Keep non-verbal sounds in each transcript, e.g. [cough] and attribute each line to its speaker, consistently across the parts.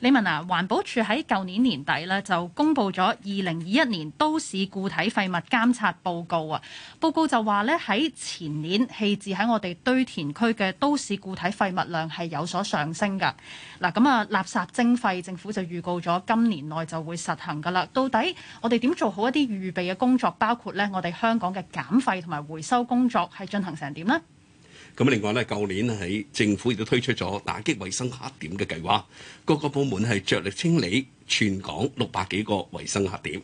Speaker 1: 李文啊，環保署喺舊年年底咧就公布咗二零二一年都市固體廢物監察報告啊。報告就話咧喺前年棄置喺我哋堆填區嘅都市固體廢物量係有所上升噶。嗱咁啊，垃圾徵費政府就預告咗今年內就會實行噶啦。到底我哋點做好一啲預備嘅工作，包括咧我哋香港嘅減廢同埋回收工作係進行成點呢？
Speaker 2: 咁另外咧，舊年喺政府亦都推出咗打擊衞生黑點嘅計劃，各個部門係着力清理全港六百幾個衞生黑點。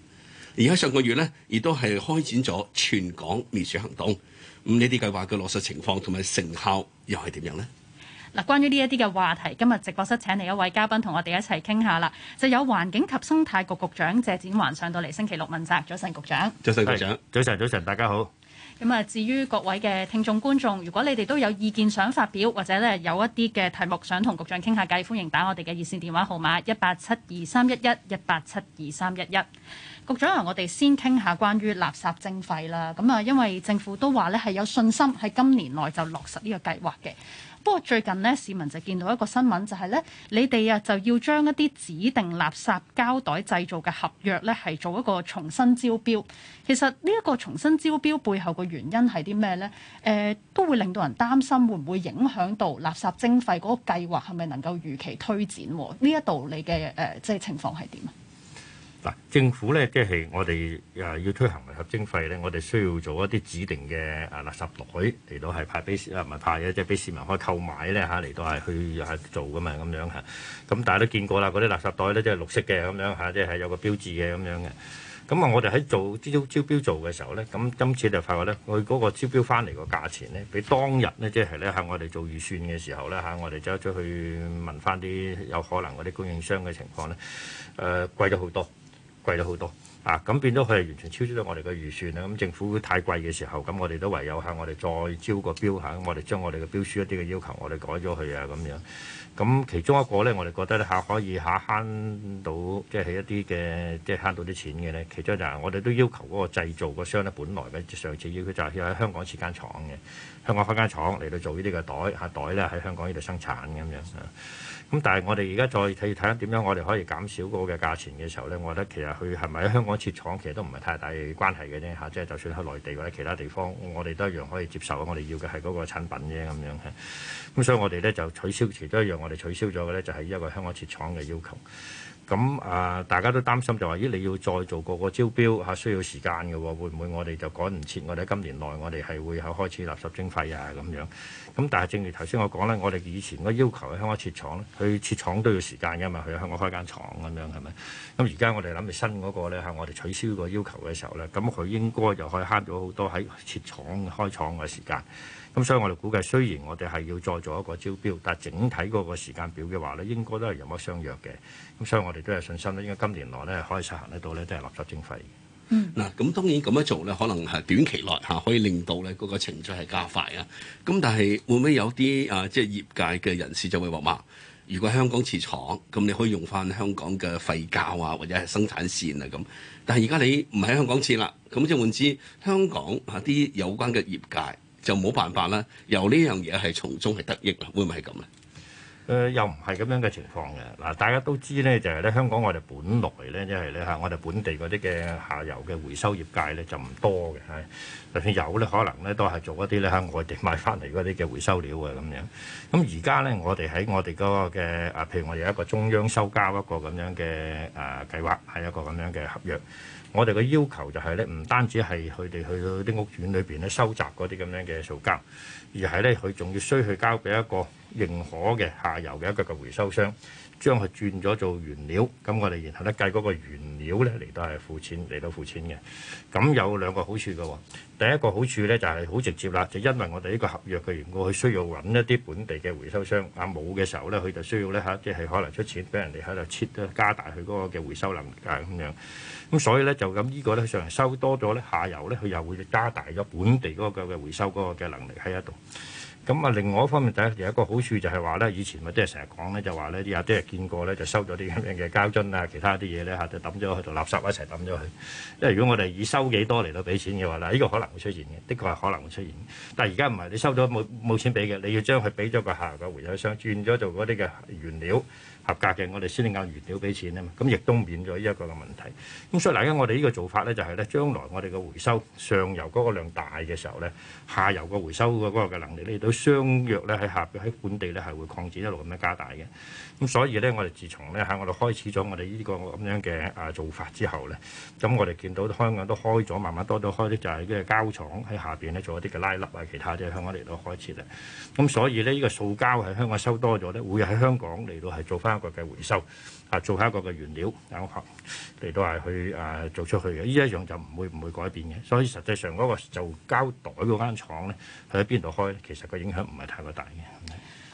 Speaker 2: 而家上個月呢，亦都係開展咗全港滅鼠行動。咁呢啲計劃嘅落實情況同埋成效又係點樣呢？
Speaker 1: 嗱，關於呢一啲嘅話題，今日直播室請嚟一位嘉賓同我哋一齊傾下啦。就有環境及生態局局長謝展寰上到嚟，星期六問責早晨局長。
Speaker 3: 早晨局長，早晨，早晨，大家好。
Speaker 1: 咁啊，至於各位嘅聽眾觀眾，如果你哋都有意見想發表，或者咧有一啲嘅題目想同局長傾下偈，歡迎打我哋嘅熱線電話號碼一八七二三一一一八七二三一一。局長啊，我哋先傾下關於垃圾徵費啦。咁啊，因為政府都話咧係有信心喺今年內就落實呢個計劃嘅。不過最近咧，市民就見到一個新聞，就係咧，你哋啊就要將一啲指定垃圾膠袋製造嘅合約咧，係做一個重新招標。其實呢一個重新招標背後嘅原因係啲咩咧？誒、呃、都會令到人擔心會唔會影響到垃圾徵費嗰個計劃係咪能夠如期推展？呢一度你嘅誒、呃、即係情況係點啊？
Speaker 3: 嗱，政府咧即係我哋誒要推行垃圾徵費咧，我哋需要做一啲指定嘅啊垃圾袋嚟到係派俾市民，唔係派嘅，即係俾市民可以購買咧嚇嚟到係去做噶嘛咁樣嚇。咁大家都見過啦，嗰啲垃圾袋咧即係綠色嘅咁樣嚇，即係有個標誌嘅咁樣嘅。咁啊，我哋喺做招招標做嘅時候咧，咁今次就發覺咧，佢嗰個招標翻嚟個價錢咧，比當日咧即係咧喺我哋做預算嘅時候咧嚇，我哋走出去問翻啲有可能嗰啲供應商嘅情況咧，誒貴咗好多。貴咗好多啊！咁變咗佢係完全超出咗我哋嘅預算啦。咁、啊、政府太貴嘅時候，咁我哋都唯有嚇我哋再招個標嚇。咁、啊、我哋將我哋嘅標書一啲嘅要求，我哋改咗去啊咁樣。咁其中一個咧，我哋覺得咧嚇可以嚇慳到，即係起一啲嘅即係慳到啲錢嘅咧。其中就係我哋都要求嗰個製造個商咧，本來上次要佢就喺香港設間廠嘅，香港開間廠嚟到做呢啲嘅袋嚇袋咧，喺香港呢度生產咁樣。咁但係我哋而家再睇睇下點樣，我哋可以減少嗰個嘅價錢嘅時候咧，我覺得其實佢係咪喺香港設廠，其實都唔係太大關係嘅啫嚇。即係就算喺內地或者其他地方，我哋都一樣可以接受，我哋要嘅係嗰個產品啫咁樣。咁所以我哋咧就取消其中都一樣。我哋取消咗嘅呢，就係依一個香港設廠嘅要求。咁啊、呃，大家都擔心就話咦，你要再做個個招標吓，需要時間嘅，會唔會我哋就趕唔切？我哋今年內，我哋係會開始垃圾徵費啊咁樣。咁但係正如頭先我講呢，我哋以前個要求喺香港設廠咧，去設廠都要時間㗎嘛，去香港開間廠咁樣係咪？咁而家我哋諗住新嗰個咧，係我哋取消個要求嘅時候呢。咁佢應該就可以慳咗好多喺設廠開廠嘅時間。咁所以我哋估計，雖然我哋係要再做一個招標，但係整體嗰個時間表嘅話咧，應該都係有乜相約嘅。咁所以我哋都有信心咧，應該今年內咧可以實行
Speaker 2: 得到咧，都係垃圾徵費。嗯，嗱，咁當然咁樣做咧，可能係短期內吓可以令到咧嗰個程序係加快啊。咁但係會唔會有啲啊，即係業界嘅人士就會話：「嘛？如果香港設廠咁你可以用翻香港嘅廢膠啊，或者係生產線啊咁。但係而家你唔喺香港設啦，咁即換至香港嚇啲有關嘅業界。就冇辦法啦，由呢樣嘢係從中係得益啊？會唔會係咁咧？
Speaker 3: 誒、呃，又唔係咁樣嘅情況嘅。嗱，大家都知咧，就係、是、咧香港我哋本來咧，即係咧吓，我哋本地嗰啲嘅下游嘅回收業界咧就唔多嘅。就算有咧，可能咧都係做一啲咧喺外地買翻嚟嗰啲嘅回收料啊咁樣。咁而家咧，我哋喺我哋嗰個嘅啊，譬如我哋有一個中央收膠一個咁樣嘅啊計劃，係一個咁樣嘅合約。我哋嘅要求就係咧，唔單止係佢哋去到啲屋苑裏邊咧收集嗰啲咁樣嘅塑膠，而係咧佢仲要需去交俾一個認可嘅下游嘅一個嘅回收商。將佢轉咗做原料，咁我哋然後咧計嗰個原料咧嚟到係付錢嚟到付錢嘅，咁有兩個好處嘅喎、哦。第一個好處咧就係、是、好直接啦，就因為我哋呢個合約嘅緣故，佢需要揾一啲本地嘅回收商啊冇嘅時候咧，佢就需要咧嚇，即係可能出錢俾人哋喺度切咧，加大佢嗰個嘅回收能力咁、啊、樣。咁所以咧就咁，這個、呢個咧上收多咗咧，下游咧佢又會加大咗本地嗰個嘅回收嗰個嘅能力喺一度。咁啊，另外一方面第一有一個好處，就係話咧，以前咪即係成日講咧，就話咧啲阿姐見過咧，就收咗啲咁樣嘅膠樽啊，其他啲嘢咧嚇，就抌咗去同垃圾一齊抌咗去。因為如果我哋以收幾多嚟到俾錢嘅話，嗱，呢個可能會出現嘅，的確係可能會出現。但係而家唔係，你收咗冇冇錢俾嘅，你要將佢俾咗個下游嘅回收商，轉咗做嗰啲嘅原料。合格嘅，我哋先能夠原料俾錢啊嘛，咁亦都免咗呢一個嘅問題。咁所以嚟緊我哋呢個做法咧、就是，就係咧，將來我哋嘅回收上游嗰個量大嘅時候咧，下游嘅回收嘅嗰個嘅能力咧，亦都相約咧，喺下邊喺本地咧係會擴展，一路咁樣加大嘅。咁所以咧，我哋自從咧喺我哋開始咗我哋呢個咁樣嘅啊做法之後咧，咁我哋見到香港都開咗，慢慢多咗開啲就係、是、啲膠廠喺下邊咧，做一啲嘅拉粒或者其他嘅，香港嚟到開設啊。咁所以咧，呢、這個塑膠喺香港收多咗咧，會喺香港嚟到係做翻一個嘅回收啊，做下一個嘅原料，然後嚟到係去誒，做出去嘅，呢一樣就，就唔會唔會改變嘅。所以實際上嗰個做膠袋嗰間廠咧，佢喺邊度開？其實個影響唔係太過大嘅。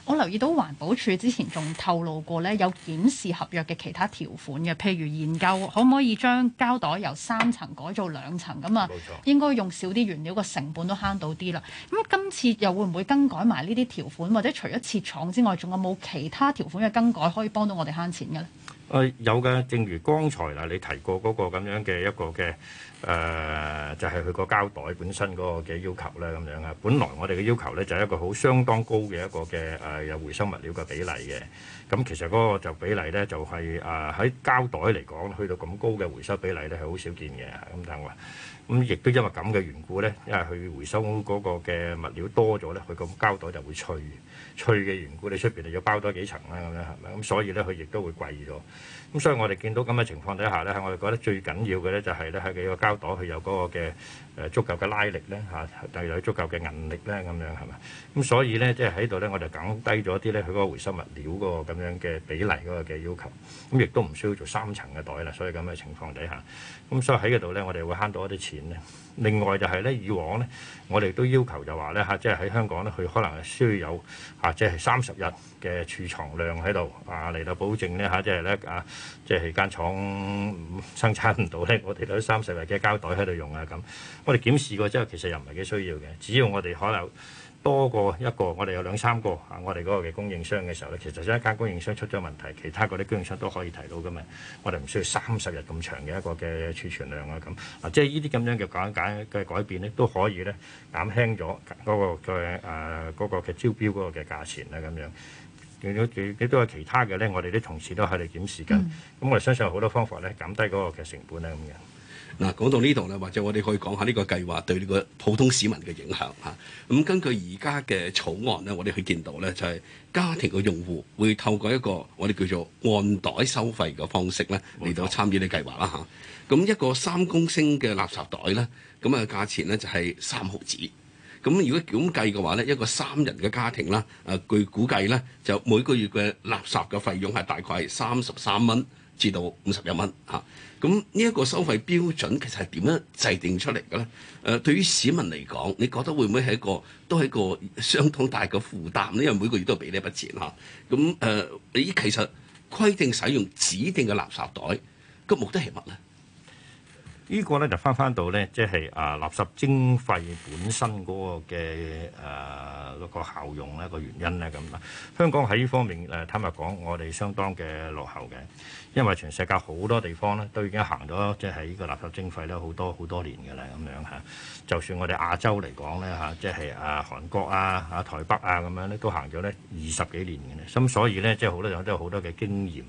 Speaker 1: 我留意到環保署之前仲透露過呢，有檢視合約嘅其他條款嘅，譬如研究可唔可以將膠袋由三層改做兩層咁啊？冇錯，應該用少啲原料，個成本都慳到啲啦。咁今次又會唔會更改埋呢啲條款，或者除咗設廠之外，仲有冇其他條款嘅更改可以幫到我哋慳錢嘅呢？
Speaker 3: 誒、呃，有嘅，正如剛才嗱你提過嗰個咁樣嘅一個嘅。誒、呃、就係佢個膠袋本身嗰個嘅要求咧咁樣啊。本來我哋嘅要求呢，就係一個好相當高嘅一個嘅誒、呃、有回收物料嘅比例嘅。咁其實嗰個就比例呢，就係誒喺膠袋嚟講去到咁高嘅回收比例呢，係好少見嘅。咁等我。咁亦都因為咁嘅緣故咧，因為佢回收嗰個嘅物料多咗咧，佢個膠袋就會脆，脆嘅緣故，你出邊就要包多幾層啦，咁樣係咪？咁所以咧，佢亦都會貴咗。咁所以我哋見到咁嘅情況底下咧，我哋覺得最緊要嘅咧就係咧，喺個膠袋佢有嗰個嘅誒足夠嘅拉力咧嚇，又有足夠嘅韌力咧，咁樣係咪？咁所以咧，即係喺度咧，我哋減低咗啲咧，佢嗰個回收物料嗰個咁樣嘅比例嗰個嘅要求，咁亦都唔需要做三層嘅袋啦。所以咁嘅情況底下，咁所以喺嗰度咧，我哋會慳到一啲錢。另外就係咧，以往咧，我哋都要求就話咧嚇，即係喺香港咧，佢可能係需要有嚇，即係三十日嘅儲藏量喺度啊嚟到保證咧嚇，即係咧啊，即係間廠生產唔到咧，我哋都三十日嘅膠袋喺度用啊咁。我哋檢視過之後，其實又唔係幾需要嘅，只要我哋可能，多過一個，我哋有兩三個啊！我哋嗰個嘅供應商嘅時候咧，其實就一間供應商出咗問題，其他嗰啲供應商都可以提到㗎嘛。我哋唔需要三十日咁長嘅一個嘅儲存量啊咁啊，即係呢啲咁樣嘅簡簡嘅改變咧，都可以咧減輕咗嗰、嗰個嘅誒嗰個嘅招標嗰個嘅價錢啊咁樣。亦都都有其他嘅咧，我哋啲同事都喺度檢視緊。咁我哋相信有好多方法咧，減低嗰個嘅成
Speaker 2: 本咧咁樣。嗱，講到呢度咧，或者我哋可以講下呢個計劃對呢個普通市民嘅影響嚇。咁啊根據而家嘅草案咧，我哋去見到咧就係家庭嘅用戶會透過一個我哋叫做按袋收費嘅方式咧嚟到參與呢個計劃啦嚇。咁一個三公升嘅垃圾袋咧，咁啊個價錢咧就係三毫子。咁如果咁計嘅話咧，一個三人嘅家庭啦，啊據估計咧就每個月嘅垃圾嘅費用係大概係三十三蚊，至到五十一蚊嚇，咁呢一個收費標準其實係點樣制定出嚟嘅咧？誒、呃，對於市民嚟講，你覺得會唔會係一個都係一個相當大嘅負擔呢？因為每個月都俾呢筆錢嚇，咁、啊、誒，你、啊、其實規定使用指定嘅垃圾袋嘅、這個、目的係乜咧？
Speaker 3: 個呢個咧就翻翻到咧，即、就、係、是、啊，垃圾徵費本身嗰個嘅誒個效用一個原因咧咁啦。香港喺呢方面誒，坦白講，我哋相當嘅落後嘅。因為全世界好多地方咧都已經行咗，即係呢個垃圾徵費咧好多好多年嘅啦，咁樣嚇。就算我哋亞洲嚟講咧嚇，即係啊韓國啊、啊台北啊咁樣咧，都行咗咧二十幾年嘅咧。咁所以咧，即係好多人都有好多嘅經驗。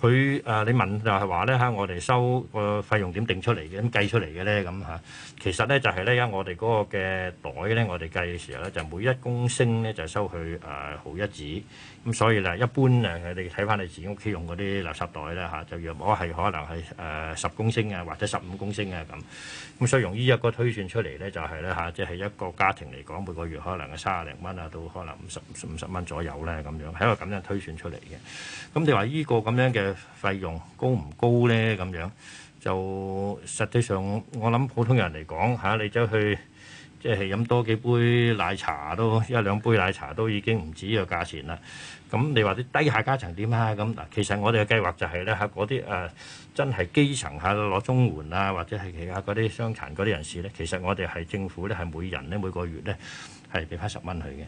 Speaker 3: 佢啊，你問就係話咧嚇，我哋收個費用點定出嚟嘅，咁計出嚟嘅咧咁嚇？其實咧就係咧，因為我哋嗰個嘅袋咧，我哋計嘅時候咧，就每一公升咧就收佢誒毫一子。咁所以咧，一般誒，我睇翻你自己屋企用嗰啲垃圾袋咧嚇，就若果係可能係誒十公升啊，或者十五公升啊咁，咁所以用呢一個推算出嚟咧，就係咧嚇，即係一個家庭嚟講，每個月可能三十零蚊啊，到可能五十五十蚊左右咧咁樣，係一個咁樣推算出嚟嘅。咁你話呢個咁樣嘅費用高唔高咧？咁樣就實際上我諗普通人嚟講嚇，你走去。即係飲多幾杯奶茶都一兩杯奶茶都已經唔止呢個價錢啦。咁你話啲低下階層點啊？咁嗱，其實我哋嘅計劃就係、是、咧，喺嗰啲誒真係基層下攞綜援啊，或者係其他嗰啲傷殘嗰啲人士咧，其實我哋係政府咧，係每人咧每個月咧係俾翻十蚊佢嘅。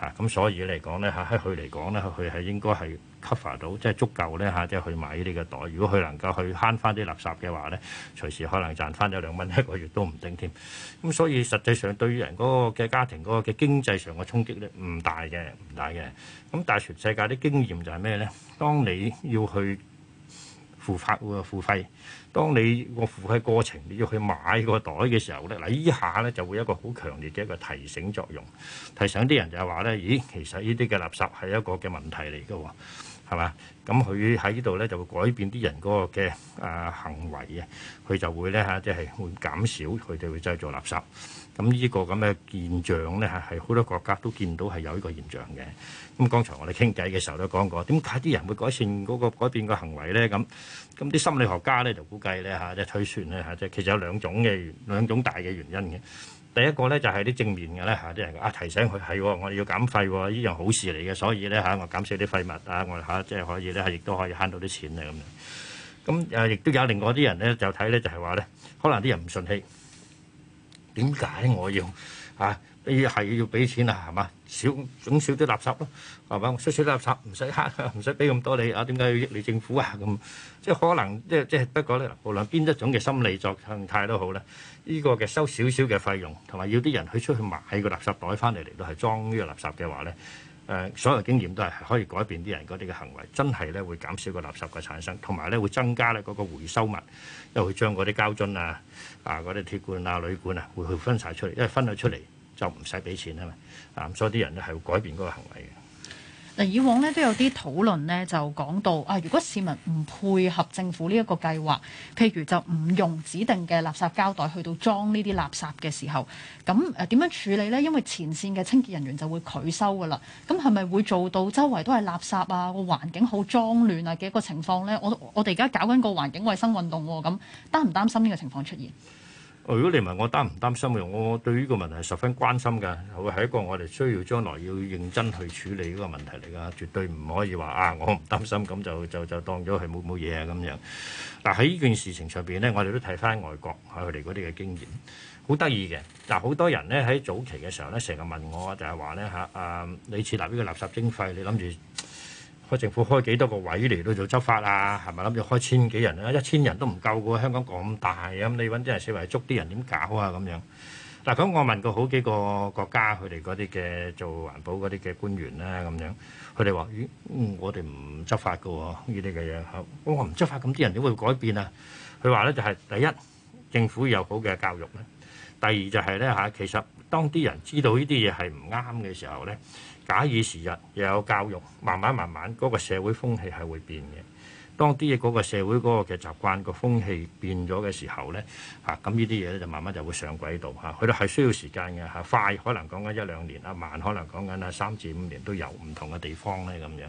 Speaker 3: 啊，咁 [music] 所以嚟講咧，喺佢嚟講咧，佢係應該係 cover 到，即係足夠咧嚇，即係去買呢啲嘅袋。如果佢能夠去慳翻啲垃圾嘅話咧，隨時可能賺翻一兩蚊一個月都唔定添。咁、嗯、所以實際上對於人嗰個嘅家庭嗰個嘅經濟上嘅衝擊咧唔大嘅，唔大嘅。咁但係全世界啲經驗就係咩咧？當你要去付發付費。當你個付費過程你要去買個袋嘅時候咧，嗱呢下咧就會一個好強烈嘅一個提醒作用，提醒啲人就係話咧，咦，其實呢啲嘅垃圾係一個嘅問題嚟㗎喎，係嘛？咁佢喺呢度咧就會改變啲人嗰個嘅誒行為嘅，佢就會咧嚇即係會減少佢哋會製造垃圾。咁呢個咁嘅現象咧，係好多國家都見到係有呢個現象嘅。咁剛才我哋傾偈嘅時候都講過，點解啲人會改善嗰個改變個行為咧？咁咁啲心理學家咧就估計咧嚇，即係推算咧嚇，即係其實有兩種嘅兩種大嘅原因嘅。第一個咧就係啲正面嘅咧嚇，啲人啊提醒佢係，我哋要減廢，呢樣好事嚟嘅，所以咧嚇我減少啲廢物啊，我嚇即係可以咧係亦都可以慳到啲錢啊咁樣。咁誒，亦都有另外啲人咧就睇咧就係話咧，可能啲人唔順氣。點解我要啊？你要係要俾錢小小呵呵啊？係嘛？少總少啲垃圾咯，係嘛？我少少垃圾唔使唔使俾咁多你啊？點解要益你政府啊？咁即係可能即係即係，不過咧，無論邊一種嘅心理作態都好咧，依、呢個嘅收少少嘅費用，同埋要啲人去出去買個垃圾袋翻嚟嚟到係裝呢個垃圾嘅話咧。誒，所有經驗都係可以改變啲人嗰啲嘅行為，真係咧會減少個垃圾嘅產生，同埋咧會增加咧嗰個回收物，因為會將嗰啲膠樽啊、啊嗰啲鐵罐啊、鋁罐啊，會去分晒出嚟，因為分咗出嚟就唔使俾錢啊嘛。啊，所以啲人咧係會改變嗰個行為嘅。
Speaker 1: 嗱，以往咧都有啲討論咧，就講到啊，如果市民唔配合政府呢一個計劃，譬如就唔用指定嘅垃圾膠袋去到裝呢啲垃圾嘅時候，咁誒點樣處理咧？因為前線嘅清潔人員就會拒收㗎啦。咁係咪會做到周圍都係垃圾啊？個環境好髒亂啊嘅一個情況咧？我我哋而家搞緊個環境衞生運動喎、啊，咁擔唔擔心呢個情況出現？
Speaker 3: 如果你問我擔唔擔心嘅，我對呢個問題係十分關心嘅，會係一個我哋需要將來要認真去處理呢個問題嚟㗎，絕對唔可以話啊，我唔擔心咁就就就當咗係冇冇嘢啊咁樣。嗱喺呢件事情上邊咧，我哋都睇翻外國佢哋嗰啲嘅經驗，好得意嘅。嗱、啊，好多人咧喺早期嘅時候咧，成日問我就係話咧嚇啊，你設立呢個垃圾徵費，你諗住，個政府開幾多個位嚟到做執法啊？係咪諗住開千幾人啊？一千人都唔夠嘅喎，香港咁大啊！咁你揾啲人四圍捉啲人點搞啊？咁樣。嗱咁，我問過好幾個國家，佢哋嗰啲嘅做環保嗰啲嘅官員咧，咁樣佢哋話：咦，嗯、我哋唔執法嘅喎、啊，呢啲嘅嘢。我唔執法，咁啲人點會改變啊？佢話咧就係、是、第一，政府有好嘅教育咧；第二就係咧嚇，其實當啲人知道呢啲嘢係唔啱嘅時候咧。假以時日，又有教育，慢慢慢慢嗰個社會風氣係會變嘅。當啲嘢嗰個社會嗰個嘅習慣個風氣變咗嘅時候咧，嚇咁呢啲嘢咧就慢慢就會上軌道嚇。佢都係需要時間嘅嚇，快可能講緊一兩年，阿慢可能講緊啊三至五年都有唔同嘅地方咧咁樣。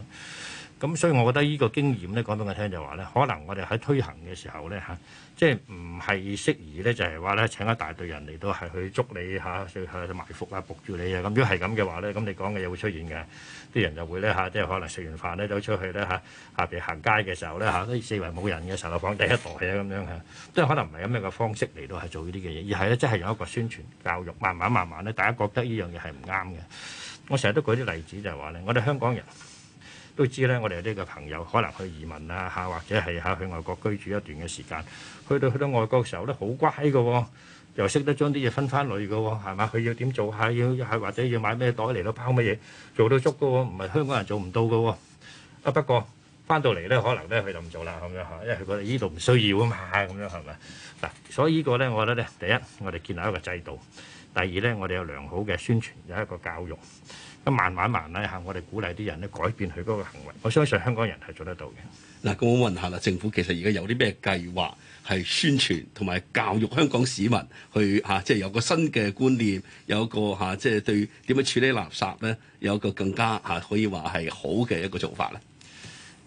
Speaker 3: 咁所以我覺得呢個經驗咧講到我聽就話咧，可能我哋喺推行嘅時候咧嚇。即係唔係適宜咧？就係話咧，請一大隊人嚟到係去捉你嚇，去埋伏啊、撲住你啊。咁如果係咁嘅話咧，咁你講嘅嘢會出現嘅，啲人就會咧嚇，即係可能食完飯咧走出去咧嚇，下邊行街嘅時候咧嚇，啲四圍冇人嘅，十樓房第一代啊咁樣嚇，即係可能唔係咁樣嘅方式嚟到係做呢啲嘅嘢，而係咧即係用一個宣傳教育，慢慢慢慢咧，大家覺得呢樣嘢係唔啱嘅。我成日都舉啲例子就係話咧，我哋香港人。都知咧，我哋啲個朋友可能去移民啊，嚇或者係嚇去外國居住一段嘅時間，去到去到外國嘅時候咧，好乖㗎喎，又識得將啲嘢分翻類嘅，係嘛？佢要點做下，要係或者要買咩袋嚟到包乜嘢？做到足㗎喎，唔係香港人做唔到㗎喎。啊不過翻到嚟咧，可能咧佢就唔做啦，咁樣嚇，因為佢覺得呢度唔需要啊嘛，咁樣係咪？嗱，所以呢個咧，我覺得咧，第一我哋建立一個制度，第二咧我哋有良好嘅宣傳有一個教育。咁慢慢慢咧嚇，我哋鼓勵啲人咧改變佢嗰個行為。我相
Speaker 2: 信香港人係做得到嘅。嗱，咁我問下啦，政府其實而家有啲咩計劃係宣傳同埋教育香港市民去嚇，即、啊、係、就是、有個新嘅觀念，有一個嚇，即、啊、係、就是、對點樣處理垃圾咧，有一個更加嚇、啊、可以話係好嘅一個做法咧。
Speaker 3: 誒、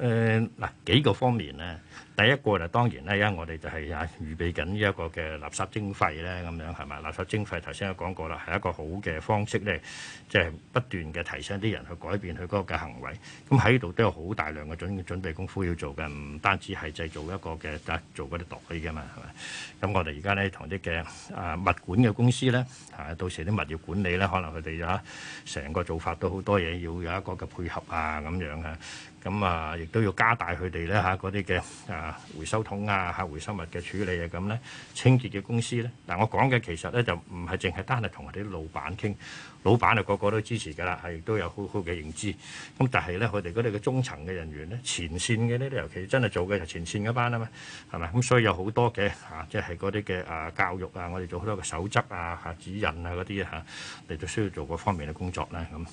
Speaker 3: 呃，嗱幾個方面咧。第一個咧，當然
Speaker 2: 咧，因為我哋就係啊預
Speaker 3: 備緊呢一個嘅垃圾徵費咧，咁樣係咪？垃圾徵費頭先都講過啦，係一個好嘅方式咧，即係不斷嘅提升啲人去改變佢嗰個嘅行為。咁喺度都有好大量嘅準準備功夫要做嘅，唔單止係製造一個嘅，但係做嗰啲袋啲嘅嘛，係咪？咁我哋而家咧同啲嘅啊物管嘅公司咧，啊到時啲物業管理咧，可能佢哋啊成個做法都好多嘢要有一個嘅配合啊，咁樣啊。咁啊，亦都要加大佢哋咧吓嗰啲嘅啊回收桶啊，吓回收物嘅處理啊，咁咧清潔嘅公司咧。嗱，我講嘅其實咧就唔係淨係單係同我哋啲老闆傾，老闆啊個個個都支持㗎啦，係亦都有好好嘅認知。咁但係咧，佢哋嗰啲嘅中層嘅人員咧，前線嘅呢，尤其真係做嘅就是、前線嗰班啊嘛，係咪咁？所以有好多嘅吓，即係嗰啲嘅啊教育啊，我哋做好多嘅守則啊、吓指引啊嗰啲吓，你都需要做嗰方面嘅工作啦。咁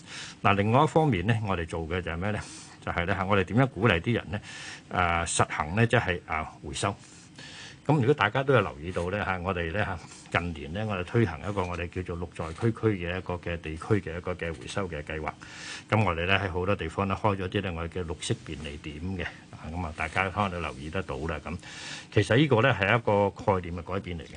Speaker 3: 嗱，另外一方面咧，我哋做嘅就係咩咧？就係咧嚇，我哋點樣鼓勵啲人咧？誒實行咧，即係誒回收。咁如果大家都有留意到咧嚇，我哋咧嚇近年咧，我哋推行一個我哋叫做綠在區區嘅一個嘅地區嘅一個嘅回收嘅計劃。咁我哋咧喺好多地方咧開咗啲咧我哋嘅綠色便利點嘅啊，咁啊大家可能都留意得到啦。咁其實呢個咧係一個概念嘅改變嚟嘅。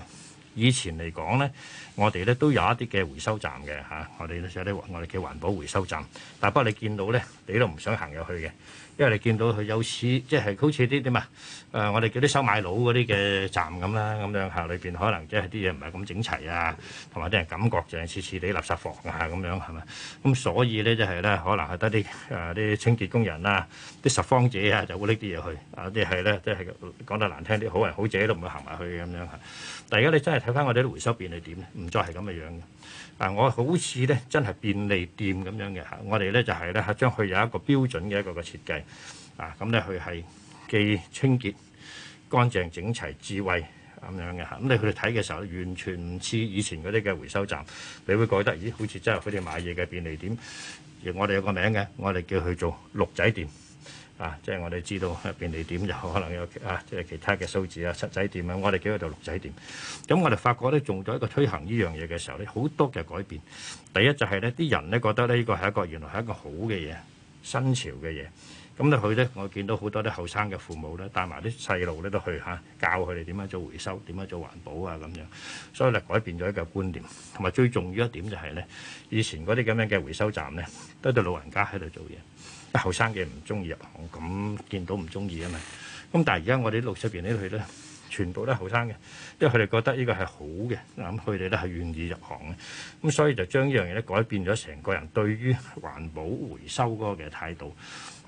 Speaker 3: 以前嚟講咧，我哋咧都有一啲嘅回收站嘅嚇，我哋有啲我哋叫環保回收站，但不過你見到咧，你都唔想行入去嘅。因為你見到佢有時，即係好似啲點啊？誒，我哋叫啲收買佬嗰啲嘅站咁啦，咁樣下裏邊可能即係啲嘢唔係咁整齊啊，同埋啲人感覺就係次次啲垃圾房啊咁樣係咪？咁所以咧就係咧，可能係得啲誒啲清潔工人啊，啲拾荒者啊就會拎啲嘢去啊。啲係咧，即係講得難聽啲，好人好者都唔會行埋去嘅咁樣嚇。但係而家你真係睇翻我哋啲回收變係點咧？唔再係咁嘅樣。啊！我好似咧，真係便利店咁樣嘅嚇，我哋咧就係咧，將佢有一個標準嘅一個嘅設計啊，咁咧佢係既清潔、乾淨、整齊、智慧咁樣嘅嚇，咁你去睇嘅時候咧，完全唔似以前嗰啲嘅回收站，你會覺得咦，好似真係佢哋買嘢嘅便利店，而我哋有個名嘅，我哋叫佢做鹿仔店。啊，即係我哋知道便利店就可能有啊，即係其他嘅數字啊，七仔店啊，我哋幾個就六仔店。咁我哋發覺咧，做咗一個推行呢樣嘢嘅時候咧，好多嘅改變。第一就係咧，啲人咧覺得咧，呢個係一個原來係一個好嘅嘢，新潮嘅嘢。咁咧佢咧，我見到好多啲後生嘅父母咧，帶埋啲細路咧都去嚇、啊，教佢哋點樣做回收，點樣做環保啊咁樣。所以咧改變咗一個觀念，同埋最重要一點就係咧，以前嗰啲咁樣嘅回收站咧，都係老人家喺度做嘢。後生嘅唔中意入行，咁見到唔中意啊嘛。咁但係而家我哋六十邊呢佢咧，全部咧後生嘅，因為佢哋覺得呢個係好嘅，咁佢哋咧係願意入行嘅。咁所以就將呢樣嘢咧改變咗成個人對於環保回收嗰個嘅態度。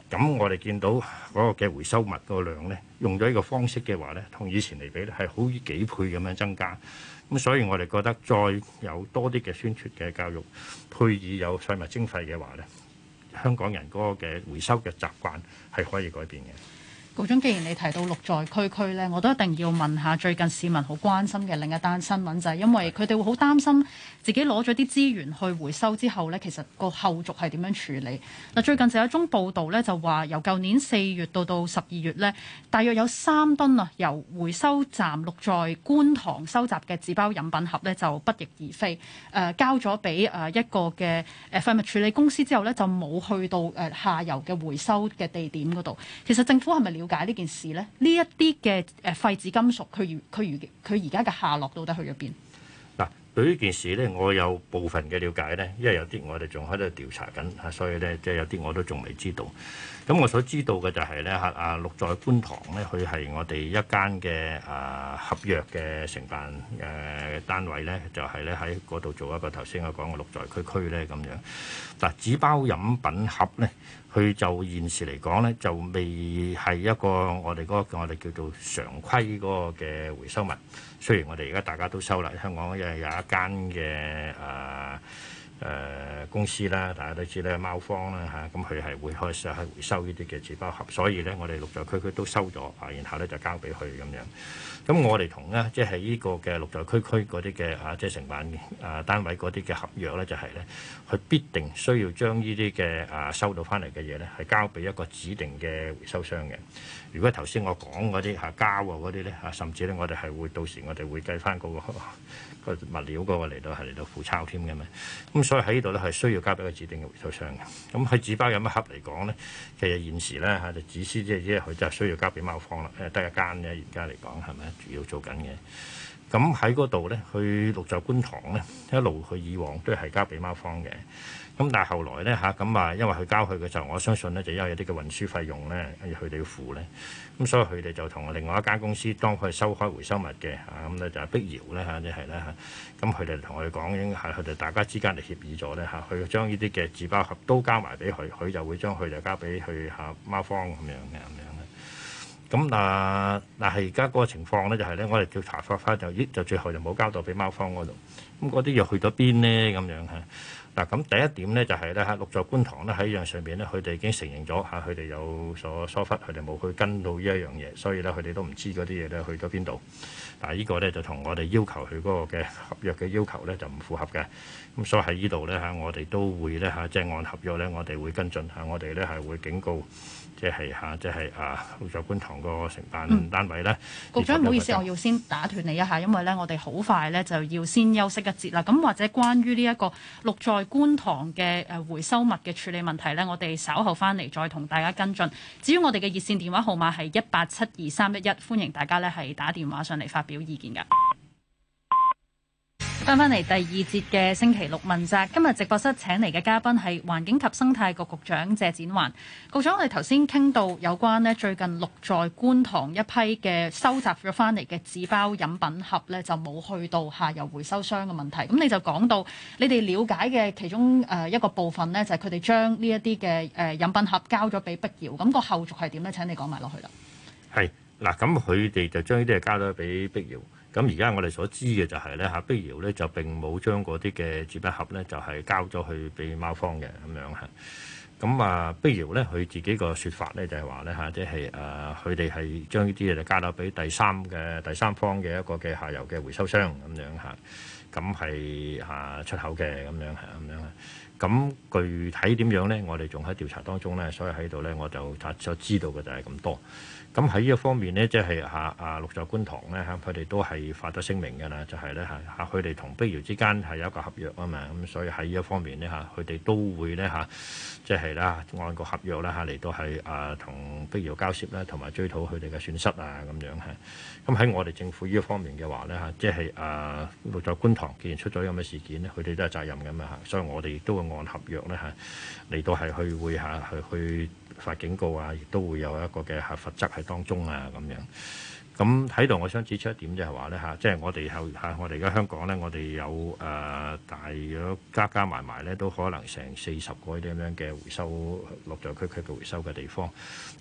Speaker 3: 咁我哋見到嗰個嘅回收物嗰個量咧，用咗呢個方式嘅話咧，同以前嚟比咧係好幾倍咁樣增加。咁所以我哋覺得再有多啲嘅宣傳嘅教育，配以有廢物徵費嘅話咧。香港人嗰個嘅回收嘅習慣係可以改變嘅。
Speaker 1: 局長，既然你提到綠在區區咧，我都一定要問下最近市民好關心嘅另一單新聞，就係、是、因為佢哋會好擔心。自己攞咗啲資源去回收之後呢，其實個後續係點樣處理？嗱，最近就有一宗報導呢，就話由舊年四月到到十二月呢，大約有三噸啊，由回收站綠在觀塘收集嘅紙包飲品盒呢，就不翼而飛，誒、呃、交咗俾誒一個嘅誒廢物處理公司之後呢，就冇去到誒下游嘅回收嘅地點嗰度。其實政府係咪了解呢件事呢？呢一啲嘅誒廢紙金屬，佢佢如佢而家嘅下落到底去咗邊？
Speaker 3: 對呢件事咧，我有部分嘅了解咧，因為有啲我哋仲喺度調查緊嚇，所以咧即係有啲我都仲未知道。咁、嗯、我所知道嘅就係咧嚇，阿綠在觀塘咧，佢係我哋一間嘅誒、啊、合約嘅承辦誒、呃、單位咧，就係咧喺嗰度做一個頭先我講嘅綠在區區咧咁樣。嗱紙包飲品盒咧，佢就現時嚟講咧就未係一個我哋嗰、嗰個我哋叫做常規嗰個嘅回收物。雖然我哋而家大家都收啦，香港亦係有一間嘅誒。啊誒、呃、公司啦，大家都知咧，喵坊啦，嚇、啊，咁佢係會開始去回收呢啲嘅紙包盒，所以咧，我哋綠在區區都收咗，啊，然後咧就交俾佢咁樣。咁我哋同咧，即係呢個嘅綠在區區嗰啲嘅啊，即係承辦啊單位嗰啲嘅合約咧，就係咧，佢必定需要將呢啲嘅啊收到翻嚟嘅嘢咧，係交俾一個指定嘅回收商嘅。如果頭先我講嗰啲嚇膠啊嗰啲咧嚇，甚至咧我哋係會到時我哋會計翻嗰、那個。 [laughs] 物料嗰個嚟到係嚟到付鈔添嘅嘛，咁所以喺呢度咧係需要交俾個指定嘅回收商嘅。咁喺紙包有乜盒嚟講咧，其實現時咧嚇就紙廁即係即係佢就係需要交俾貓方啦，得一間咧而家嚟講係咪主要做緊嘅？咁喺嗰度咧去綠在觀塘咧，一路佢以往都係交俾貓方嘅。咁但係後來咧嚇咁啊，因為佢交佢嘅就我相信咧就因為有啲嘅運輸費用咧佢哋要付咧。咁所以佢哋就同另外一間公司，當佢收開回收物嘅嚇，咁、啊、咧就係碧瑤咧嚇，即係啦嚇。咁佢哋同佢講，係佢哋大家之間嚟協議咗咧嚇，去將呢啲嘅紙包盒都交埋俾佢，佢就會將佢就交俾佢嚇喵坊咁樣嘅咁樣。咁啊，嗱，係而家嗰個情況咧，就係咧，我哋調查翻翻就，咦，就最後就冇交代俾貓方嗰度，咁嗰啲又去咗邊呢？咁樣嚇。嗱，咁第一點咧就係咧嚇，六座觀塘咧喺依樣上邊咧，佢哋已經承認咗嚇，佢哋有所疏忽，佢哋冇去跟到依一樣嘢，所以咧佢哋都唔知嗰啲嘢咧去咗邊度。但係依個咧就同我哋要求佢嗰個嘅合約嘅要求咧就唔符合嘅。咁所以喺呢度咧嚇，我哋都會咧嚇，即係按合約咧，我哋會跟進嚇，我哋咧係會警告。即係嚇，即係啊！綠在觀塘個承辦單位咧、嗯，
Speaker 1: 局長唔好意思，我要先打斷你一下，因為咧，我哋好快咧就要先休息一節啦。咁或者關於呢一個綠在觀塘嘅誒回收物嘅處理問題咧，我哋稍後返嚟再同大家跟進。至於我哋嘅熱線電話號碼係一八七二三一一，歡迎大家咧係打電話上嚟發表意見㗎。翻返嚟第二節嘅星期六問責，今日直播室請嚟嘅嘉賓係環境及生態局局長謝展寰局長，我哋頭先傾到有關咧最近六在觀塘一批嘅收集咗翻嚟嘅紙包飲品盒呢就冇去到下游回收商嘅問題。咁你就講到你哋了解嘅其中誒一個部分呢就係佢哋將呢一啲嘅誒飲品盒交咗俾碧瑤。咁個後續係點呢？請你講埋落去啦。
Speaker 3: 係嗱，咁佢哋就將呢啲嘢交咗俾碧瑤。咁而家我哋所知嘅就係咧嚇，碧瑤咧就並冇將嗰啲嘅紙筆盒咧就係、是、交咗去俾貓方嘅咁樣嚇。咁啊碧瑤咧佢自己個説法咧就係話咧嚇，即係誒佢哋係將呢啲嘢就交咗俾第三嘅第三方嘅一個嘅下游嘅回收商咁樣嚇。咁係嚇出口嘅咁樣嚇咁樣。咁具體點樣咧？我哋仲喺調查當中咧，所以喺度咧我就所知道嘅就係咁多。咁喺呢一方面咧，即係嚇啊！綠在觀塘咧嚇，佢哋都係發咗聲明嘅啦，就係咧嚇嚇，佢哋同碧瑤之間係有一個合約啊嘛，咁所以喺呢一方面咧嚇，佢哋都會啊咧嚇，即係啦，按個合約啦嚇嚟到係啊，同碧瑤交涉啦，同埋追討佢哋嘅損失啊咁樣嚇。咁喺我哋政府呢一方面嘅話咧嚇，即係啊，綠在觀塘既然出咗咁嘅事件咧，佢哋都係責任嘅嘛嚇，所以我哋都會按合約咧嚇嚟到係去會嚇去去。發警告啊，亦都會有一個嘅核罰則喺當中啊，咁樣。咁喺度，我想指出一點就係話咧嚇，即係我哋後嚇，我哋而家香港咧，我哋有誒大約加加埋埋咧，都可能成四十個呢啲咁樣嘅回收垃圾區區嘅回收嘅地方。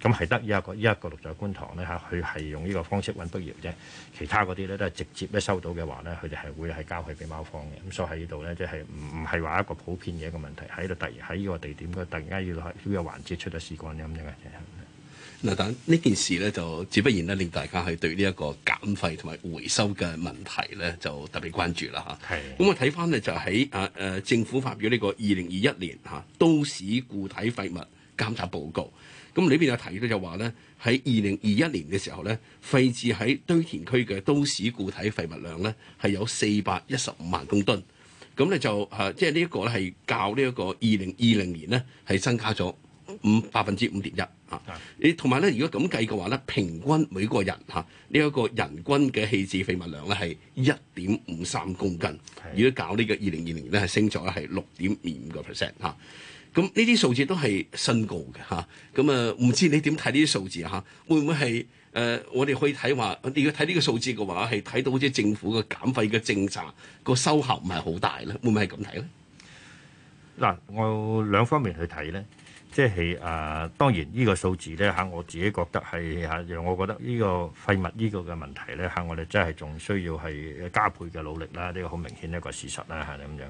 Speaker 3: 咁係得一個依一個垃圾觀塘咧嚇，佢係用呢個方式揾畢業啫。其他嗰啲咧都係直接收到嘅話咧，佢哋係會係交去俾貓方嘅。咁所以喺呢度咧，即係唔唔係話一個普遍
Speaker 2: 嘅一個問題喺度突然喺呢個地點嗰突然間要呢個環節出咗事故咁樣嘅。就是嗱，但呢件事咧就自不然咧，令大家係對呢一個減廢同埋回收嘅問題咧就特別關注啦嚇。咁的我睇返咧就喺啊誒政府發表呢個二零二一年嚇、啊、都市固體廢物監察報告，咁裏邊有提咧就話咧喺二零二一年嘅時候咧，廢置喺堆填區嘅都市固體廢物量咧係有四百一十五萬公噸，咁咧就誒即係呢一個咧係較呢一個二零二零年呢，係增加咗五百分之五點一。啊！你同埋咧，如果咁計嘅話咧，平均每個人嚇呢一個人均嘅棄置廢物量咧係一點五三公斤。是的 如果搞呢個二零二零年，咧係升咗係六點五個 percent 嚇。咁呢啲數字都係新高嘅嚇。咁啊，唔知你點睇呢啲數字嚇、啊？會唔會係誒、呃？我哋可以睇話，如果睇呢個數字嘅話，係睇到好似政府嘅減費嘅政策、個收效唔係好大咧？會唔會係咁睇咧？
Speaker 3: 嗱，我兩方面去睇咧。即係啊，當然呢個數字咧嚇，我自己覺得係嚇，讓我覺得呢個廢物呢個嘅問題咧嚇，我哋真係仲需要係加倍嘅努力啦，呢個好明顯一個事實啦嚇咁樣。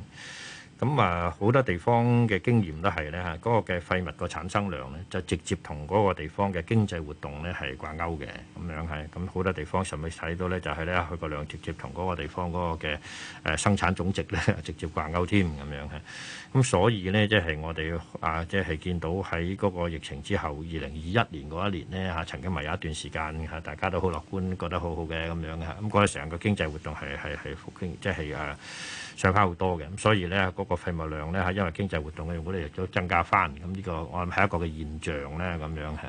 Speaker 3: 咁啊，好多地方嘅經驗都係咧嚇，嗰、那個嘅廢物個產生量咧，就直接同嗰個地方嘅經濟活動咧係掛鈎嘅，咁樣係。咁好多地方甚至睇到咧、就是，就係咧佢個量直接同嗰個地方嗰個嘅誒生產總值咧 [laughs] 直接掛鈎添咁樣係。咁所以咧，即、就、係、是、我哋啊，即、就、係、是、見到喺嗰個疫情之後，二零二一年嗰一年咧嚇，曾經咪有一段時間嚇、啊、大家都好樂觀，覺得好好嘅咁樣嚇，咁覺得成個經濟活動係係係復興，即係誒上翻好多嘅。咁所以咧、那個個廢物量咧嚇，因為經濟活動嘅原因咧，亦都增加翻。咁呢個我諗係一個嘅現象咧，咁樣嚇。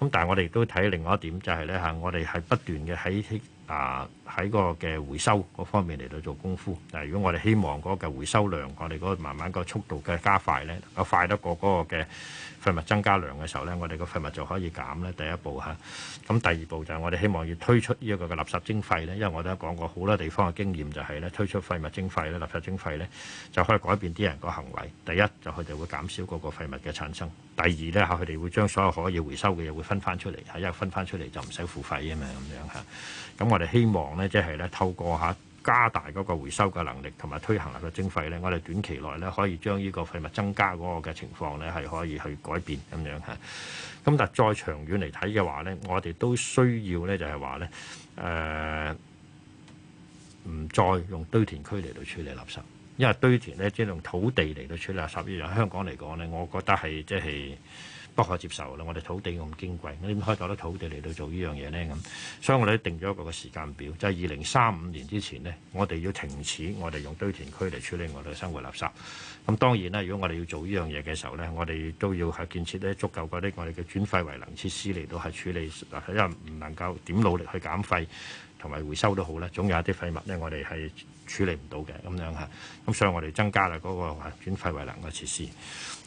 Speaker 3: 咁但係我哋亦都睇另外一點，就係咧嚇，我哋係不斷嘅喺。啊！喺個嘅回收嗰方面嚟到做功夫。嗱，如果我哋希望嗰個嘅回收量，我哋個慢慢個速度嘅加快咧，啊快得過嗰個嘅廢物增加量嘅時候咧，我哋個廢物就可以減咧。第一步嚇，咁、啊、第二步就係我哋希望要推出呢一個嘅垃圾徵費咧。因為我哋都講過好多地方嘅經驗就係咧，推出廢物徵費咧，垃圾徵費咧就可以改變啲人個行為。第一就佢哋會減少嗰個廢物嘅產生。第二咧嚇，佢哋會將所有可以回收嘅嘢會分翻出嚟，因為分翻出嚟就唔使付費啊嘛，咁樣嚇。咁我哋希望咧，即係咧透過嚇加大嗰個回收嘅能力，同埋推行個徵費咧，我哋短期內咧可以將呢個廢物增加嗰個嘅情況咧係可以去改變咁樣嚇。咁但係再長遠嚟睇嘅話咧，我哋都需要咧就係話咧誒，唔、呃、再用堆填區嚟到處理垃圾。因為堆填咧，即係用土地嚟到處理垃圾依樣。香港嚟講咧，我覺得係即係不可接受啦。我哋土地咁矜貴，點開拓啲土地嚟到做依樣嘢咧咁？所以我哋定咗一個，個時間表，就係二零三五年之前咧，我哋要停止我哋用堆填區嚟處理我哋嘅生活垃圾。咁當然咧，如果我哋要做依樣嘢嘅時候咧，我哋都要係建設咧足夠嗰啲我哋嘅轉廢為能設施嚟到係處理。因為唔能夠點努力去減廢同埋回收都好啦，總有一啲廢物咧，我哋係。處理唔到嘅咁樣吓。咁所以我哋增加啦嗰個轉廢為能嘅設施。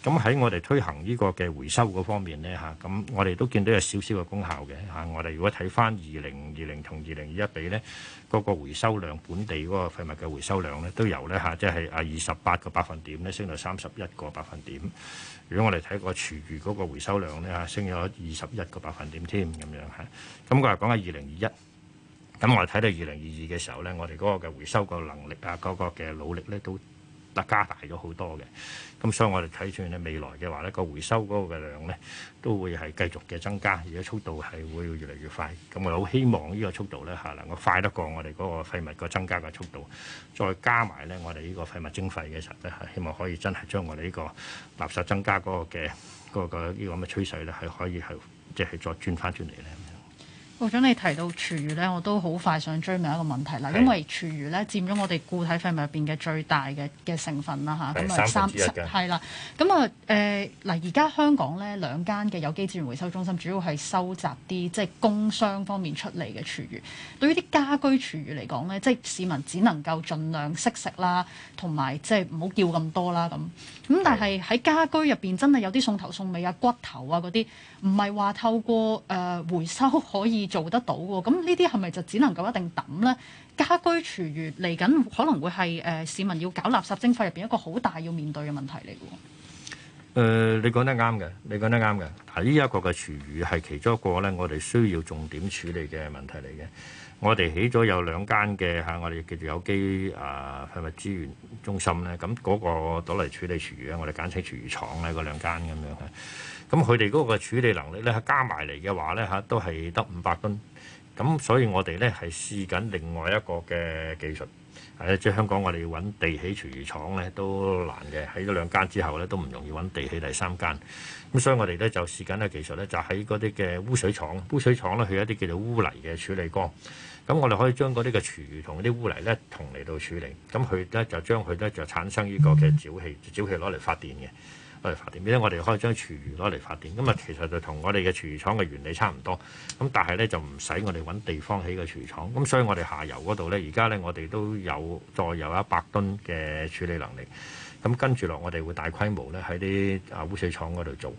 Speaker 3: 咁喺 [laughs] 我哋推行呢個嘅回收嗰方面咧嚇，咁我哋都見到有少少嘅功效嘅嚇。我哋如果睇翻二零二零同二零二一比咧，嗰、嗰個回收量本地嗰個廢物嘅回收量咧，都由咧嚇即係啊二十八個百分點咧，升到三十一個百分點。如果我哋睇個廚餘嗰個回收量咧嚇，升咗二十一個百分點添咁樣嚇。咁佢係講啊二零二一。咁我哋睇到二零二二嘅時候咧，我哋嗰個嘅回收個能力啊，嗰個嘅努力咧都加大咗好多嘅。咁所以我哋睇住咧未來嘅話咧，個回收嗰個嘅量咧都會係繼續嘅增加，而且速度係會越嚟越快。咁我好希望呢個速度咧嚇能夠快得過我哋嗰個廢物個增加嘅速度，再加埋咧我哋呢個廢物徵費嘅時候咧，希望可以真係將我哋呢個垃圾增加嗰個嘅嗰個呢個咁嘅趨勢咧係可以係即係再轉翻轉嚟咧。
Speaker 1: 部長你提到廚餘咧，我都好快想追問一個問題啦，的因為廚餘咧佔咗我哋固體廢物入邊嘅最大嘅嘅成分啦嚇，咁啊的三，係啦，咁啊誒嗱，而家、嗯呃、香港咧兩間嘅有機資源回收中心主要係收集啲即係工商方面出嚟嘅廚餘，對於啲家居廚餘嚟講咧，即、就、係、是、市民只能夠盡量識食啦，同埋即係唔好叫咁多啦咁。咁但係喺家居入邊真係有啲送頭送尾啊、骨頭啊嗰啲，唔係話透過誒、呃、回收可以。做得到嘅，咁呢啲係咪就只能夠一定抌呢？家居廚餘嚟緊可能會係誒、呃、市民要搞垃圾徵費入邊一個好大要面對嘅問題嚟嘅、呃。
Speaker 3: 你講得啱嘅，你講得啱嘅。呢一個嘅廚餘係其中一個呢，我哋需要重點處理嘅問題嚟嘅。我哋起咗有兩間嘅嚇，我哋叫做有機啊廢物資源中心呢。咁、那、嗰個攞嚟處理廚餘咧，我哋簡稱廚餘廠呢嗰兩間咁樣嘅。咁佢哋嗰個處理能力咧，加埋嚟嘅話咧嚇，都係得五百噸。咁所以我哋咧係試緊另外一個嘅技術。誒，即係香港我哋要揾地起廚餘廠咧都難嘅，喺咗兩間之後咧都唔容易揾地起第三間。咁所以我哋咧就試緊咧技術咧，就喺嗰啲嘅污水廠，污水廠咧有一啲叫做污泥嘅處理缸。咁我哋可以將嗰啲嘅廚餘同啲污泥咧同嚟到處理。咁佢咧就將佢咧就產生呢個嘅沼氣，沼氣攞嚟發電嘅。嚟發電，而我哋可以將廚餘攞嚟發電，咁啊其實就同我哋嘅廚餘廠嘅原理差唔多，咁但係咧就唔使我哋揾地方起個廚餘廠，咁所以我哋下游嗰度咧，而家咧我哋都有再有一百噸嘅處理能力，咁跟住落我哋會大規模咧喺啲啊污水廠嗰度做，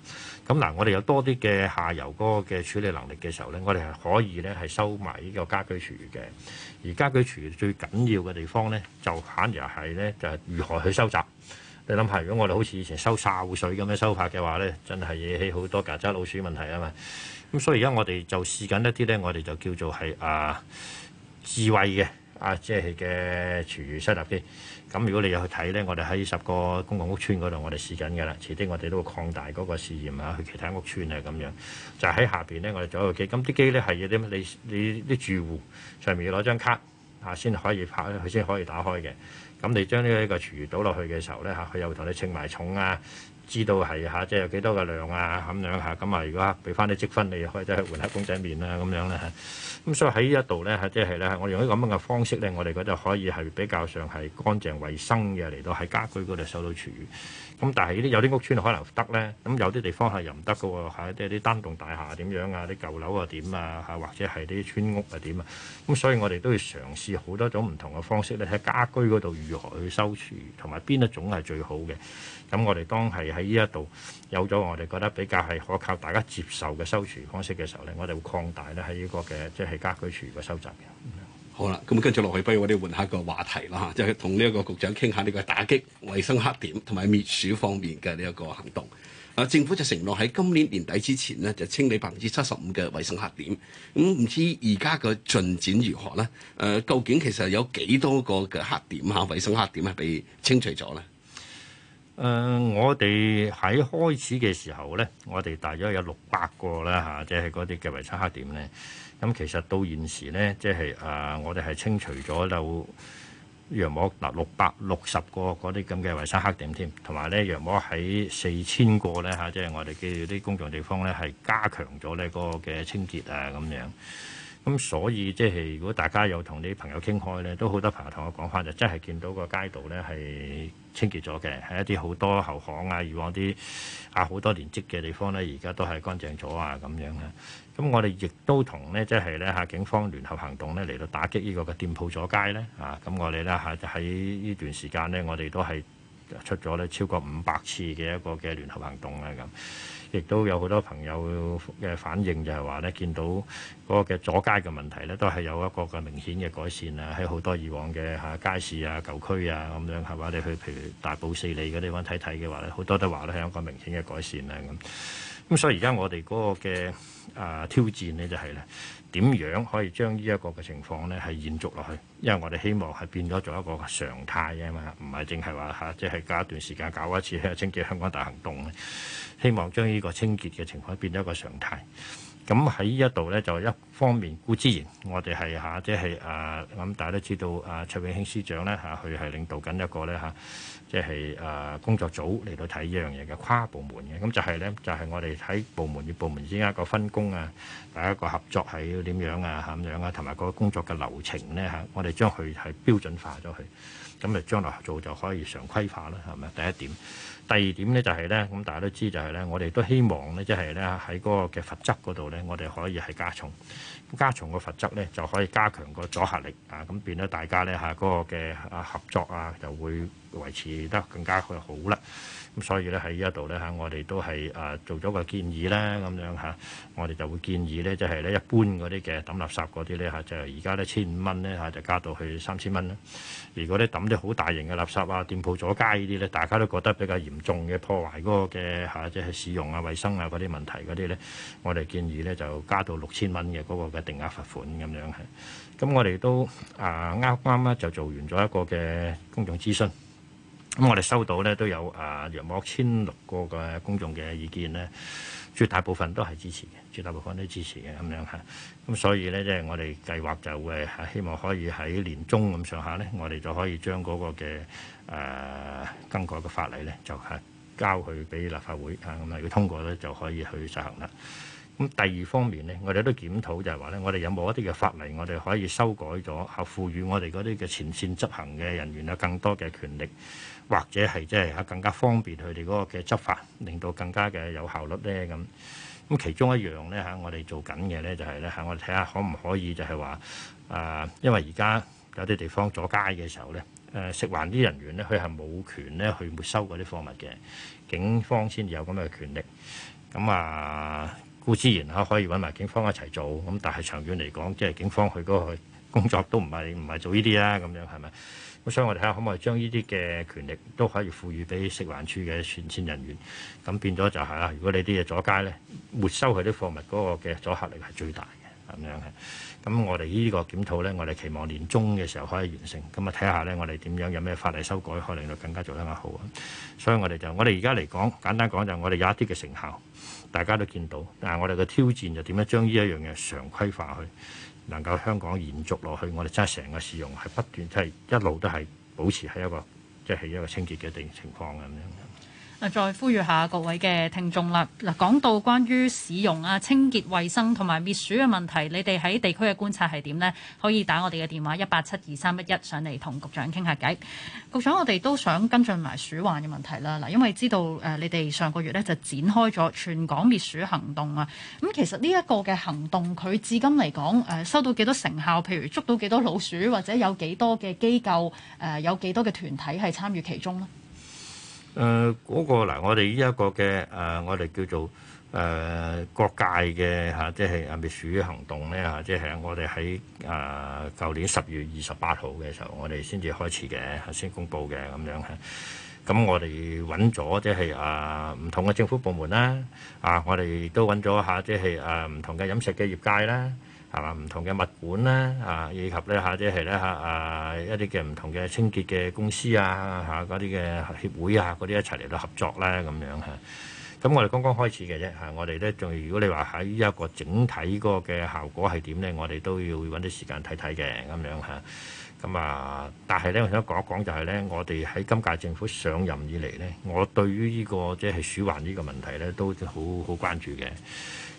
Speaker 3: 咁嗱我哋有多啲嘅下游嗰個嘅處理能力嘅時候咧，我哋係可以咧係收埋呢個家居廚餘嘅，而家居廚餘最緊要嘅地方咧就反而係咧就係如何去收集。你諗下，如果我哋好似以前收潲水咁樣收法嘅話咧，真係惹起好多曱甴老鼠問題啊嘛！咁、嗯、所以而家我哋就試緊一啲咧，我哋就叫做係啊智慧嘅啊，即係嘅廚餘收集機。咁、嗯、如果你有去睇咧，我哋喺十個公共屋邨嗰度，我哋試緊㗎啦。遲啲我哋都會擴大嗰個試驗啊，去其他屋邨啊咁樣。就喺、是、下邊咧，我哋左一個機，咁、嗯、啲機咧係要啲你你啲住戶上面要攞張卡啊，先可以拍，佢先可以打開嘅。咁你將呢一個廚餘倒落去嘅時候咧嚇，佢、啊、又會同你稱埋重啊。知道係吓，即係有幾多嘅量啊咁樣吓，咁啊如果俾翻啲積分你，可以即係換下公仔麵啊，咁樣咧。咁、嗯、所以喺呢一度咧，即係咧，我用啲咁樣嘅方式咧，我哋覺得可以係比較上係乾淨衛生嘅嚟到喺家居嗰度受到廚餘，咁但係呢啲有啲屋邨可能得咧，咁有啲地方係又唔得嘅，吓即係啲單棟大廈點樣啊，啲舊樓啊點啊，吓或者係啲村屋啊點啊。咁所以我哋都要嘗試好多種唔同嘅方式咧，喺家居嗰度如何去收廚餘，同埋邊一種係最好嘅。咁、嗯、我哋當係。喺呢一度有咗我哋覺得比較係可靠、大家接受嘅收廚方式嘅
Speaker 2: 時候咧，我哋會擴大咧喺呢個嘅即係家居廚嘅收集嘅。嗯、好啦，咁跟住落去，不如我哋換下一個話題啦嚇，即係同呢一個局長傾下呢個打擊衛生黑點同埋滅鼠方面嘅呢一個行動。啊，政府就承諾，喺今年年底之前呢，就清理百分之七十五嘅衛生黑點。咁、嗯、唔知而家嘅進展如何咧？誒、啊，究竟其實有幾多個嘅黑點吓，衛、啊、生黑點係被清除咗咧？誒、呃，
Speaker 3: 我哋喺開始嘅時候呢，我哋大約有六百個啦嚇，即係嗰啲衞生黑點呢。咁、啊、其實到現時呢，即係誒，我哋係清除咗就約莫六百六十個嗰啲咁嘅衞生黑點添，同埋呢，約莫喺四千個呢，嚇、啊，即、就、係、是、我哋嘅啲公眾地方呢，係加強咗呢個嘅清潔啊咁樣。咁、啊、所以即係、就是、如果大家有同你啲朋友傾開呢，都好多朋友同我講返就真係見到個街道呢係。清潔咗嘅係一啲好多後巷啊，以往啲啊好多年積嘅地方咧，而家都係乾淨咗啊咁樣啦。咁我哋亦都同咧即係咧嚇警方聯合行動咧嚟到打擊呢個嘅店鋪阻街咧啊！咁我哋咧嚇喺呢段時間咧，我哋都係出咗咧超過五百次嘅一個嘅聯合行動啊咁。亦都有好多朋友嘅反應就，就係話咧，見到嗰個嘅阻街嘅問題咧，都係有一個嘅明顯嘅改善啊！喺好多以往嘅嚇街市啊、舊區啊咁樣係嘛，你去譬如大埔四里嗰啲地方睇睇嘅話咧，好多都話咧係一個明顯嘅改善、那個、啊！咁咁所以而家我哋嗰個嘅啊挑戰咧就係咧。點樣可以將呢一個嘅情況呢係延續落去？因為我哋希望係變咗做一個常態啊嘛，唔係淨係話嚇，即係隔一段時間搞一次清潔香港大行動，希望將呢個清潔嘅情況變咗一個常態。咁喺呢一度呢，就一方面固資然。我哋係嚇，即係啊，咁、就是啊、大家都知道啊，卓永興司長呢，嚇、啊，佢係領導緊一個呢。嚇、啊。即係誒工作組嚟到睇依樣嘢嘅跨部門嘅，咁就係咧，就係我哋喺部門與部門之間個分工啊，大家個合作係點樣啊？嚇咁樣啊，同埋個工作嘅流程咧嚇，我哋將佢係標準化咗佢，咁啊，將來做就可以常規化啦，係咪？第一點，第二點咧就係咧，咁大家都知就係咧，我哋都希望咧，即係咧喺嗰個嘅罰則嗰度咧，我哋可以係加重加重個罰則咧，就可以加強個阻嚇力啊，咁變咗大家咧嚇嗰個嘅啊合作啊就會，維持得更加嘅好啦。咁所以咧喺呢一度咧嚇，我哋都係啊做咗個建議咧咁樣嚇。我哋就會建議咧，即係咧一般嗰啲嘅抌垃圾嗰啲咧嚇，就而家咧千五蚊咧嚇，就加到去三千蚊啦。如果咧抌啲好大型嘅垃圾啊、店鋪阻街呢啲咧，大家都覺得比較嚴重嘅破壞嗰個嘅嚇，即係市容啊、衞生啊嗰啲問題嗰啲咧，我哋建議咧就加到六千蚊嘅嗰個嘅定額罰款咁樣係。咁我哋都啊啱啱咧就做完咗一個嘅公眾諮詢。咁、嗯、我哋收到咧都有誒約莫千六個嘅公眾嘅意見咧，絕大部分都係支持嘅，絕大部分都支持嘅咁樣嚇。咁所以咧，即係我哋計劃就會係、啊、希望可以喺年中咁上下咧，我哋就可以將嗰個嘅誒、啊、更改嘅法例咧，就係、啊、交去俾立法會啊，咁啊要通過咧就可以去實行啦。咁第二方面咧，我哋都檢討就係話咧，我哋有冇一啲嘅法例，我哋可以修改咗，係賦予我哋嗰啲嘅前線執行嘅人員啊，更多嘅權力。或者係即係嚇更加方便佢哋嗰個嘅執法，令到更加嘅有效率咧咁。咁其中一樣咧嚇，我哋做緊嘅咧就係咧嚇，我哋睇下可唔可以就係話啊，因為而家有啲地方阻街嘅時候咧，誒、呃、食環啲人員咧佢係冇權咧去沒收嗰啲貨物嘅，警方先有咁嘅權力。咁啊，固、呃、之然嚇可以揾埋警方一齊做，咁但係長遠嚟講，即、就、係、是、警方去嗰個工作都唔係唔係做呢啲啦。咁樣係咪？咁所以我哋睇下可唔可以將呢啲嘅權力都可以賦予俾食環署嘅前線人員，咁變咗就係、是、啦。如果你啲嘢阻街咧，沒收佢啲貨物嗰個嘅阻嚇力係最大嘅，咁樣嘅。咁我哋呢個檢討咧，我哋期望年中嘅時候可以完成。咁啊睇下咧，我哋點樣有咩法例修改，可能又更加做得更好啊。所以我哋就我哋而家嚟講，簡單講就我哋有一啲嘅成效，大家都見到。但係我哋嘅挑戰就點樣將呢一樣嘢常規化去。能夠香港延續落去，我哋真係成個市容係不斷即係、就是、一路都係保持喺一個即係、就是、一個清潔嘅一啲情況咁樣。
Speaker 1: 再呼籲下各位嘅聽眾啦！嗱，講到關於市容啊、清潔、衞生同埋滅鼠嘅問題，你哋喺地區嘅觀察係點呢？可以打我哋嘅電話一八七二三一一上嚟同局長傾下偈。局長，我哋都想跟進埋鼠患嘅問題啦。嗱，因為知道誒你哋上個月咧就展開咗全港滅鼠行動啊。咁其實呢一個嘅行動，佢至今嚟講誒收到幾多成效？譬如捉到幾多老鼠，或者有幾多嘅機構誒有幾多嘅團體係參與其中呢？
Speaker 3: 誒嗰、嗯那個嗱，我哋呢一個嘅誒、呃，我哋叫做誒、呃、各界嘅嚇、啊，即係啊滅鼠行動咧嚇，即係我哋喺誒舊年十月二十八號嘅時候，我哋先至開始嘅、啊，先公布嘅咁樣嚇。咁、啊嗯、我哋揾咗即係啊唔同嘅政府部門啦，啊我哋都揾咗下即係啊唔同嘅飲食嘅業界啦。啊係嘛？唔同嘅物管啦，啊，以及咧嚇，即係咧嚇，啊一啲嘅唔同嘅清潔嘅公司啊，嚇嗰啲嘅協會啊，嗰啲一齊嚟到合作啦。咁樣嚇。咁我哋剛剛開始嘅啫，嚇我哋咧仲。如果你話喺呢一個整體個嘅效果係點咧，我哋都要搵啲時間睇睇嘅，咁樣嚇。咁啊，但係咧，我想講一講就係、是、咧，我哋喺今屆政府上任以嚟咧，我對於呢、這個即係鼠患呢個問題咧，都好好關注嘅。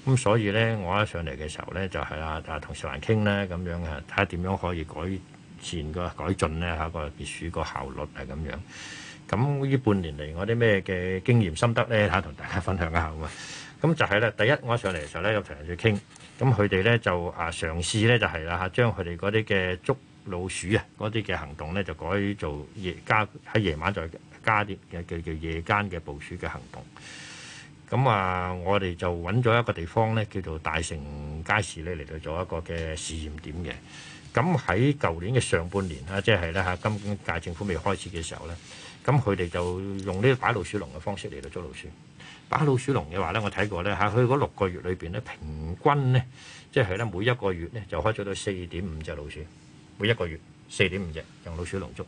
Speaker 3: 咁所以咧，我一上嚟嘅時候咧，就係啦，啊同食環傾咧，咁樣啊，睇下點樣可以改善個改進咧嚇個滅鼠個效率係咁樣。咁呢半年嚟，我啲咩嘅經驗心得咧嚇，同大家分享一下啊。咁就係咧，第一我一上嚟嘅時候咧，有同人去傾，咁佢哋咧就啊嘗試咧就係啦嚇，將佢哋嗰啲嘅捉老鼠啊，嗰啲嘅行動咧就改做夜加喺夜晚再加啲嘅叫叫夜間嘅部署嘅行動。咁啊，我哋就揾咗一個地方咧，叫做大城街市咧，嚟到做一個嘅試驗點嘅。咁喺舊年嘅上半年啊，即係咧嚇，今屆政府未開始嘅時候咧，咁佢哋就用呢個擺老鼠籠嘅方式嚟到捉老鼠。擺老鼠籠嘅話咧，我睇過咧嚇，佢嗰六個月裏邊咧，平均咧，即係咧，每一個月咧，就開咗到四點五隻老鼠，每一個月四點五隻用老鼠籠捉。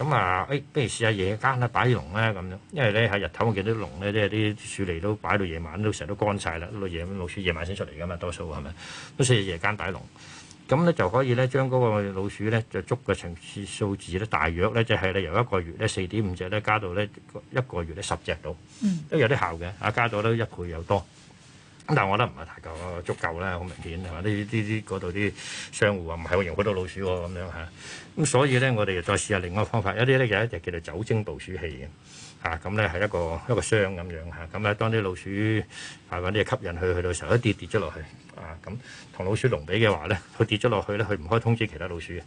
Speaker 3: 咁、哎、啊，誒，不如試下夜間啦，擺啲籠啦，咁樣，因為咧喺日頭我見到啲籠咧，即係啲樹嚟都擺到夜晚都成日都乾晒啦，到夜老鼠夜晚先出嚟噶嘛，多數係咪？都試下夜間擺籠，咁咧就可以咧將嗰個老鼠咧就捉嘅層次數字咧，大約咧即係咧由一個月咧四點五隻咧加到咧一個月咧十隻到，都有啲效嘅，啊加咗咧一倍有多。咁但係我覺得唔係太夠，足夠啦，好明顯係嘛？呢啲啲嗰度啲商戶話唔係我用好多老鼠喎，咁樣吓，咁所以咧，我哋又再試下另外一個方法。一啲咧就叫做酒精捕鼠器嘅吓。咁咧係一個一個箱咁樣吓。咁、啊、咧當啲老鼠啊啲吸引佢去到時候，一跌跌咗落去啊。咁同老鼠籠比嘅話咧，佢跌咗落去咧，佢唔可以通知其他老鼠嘅。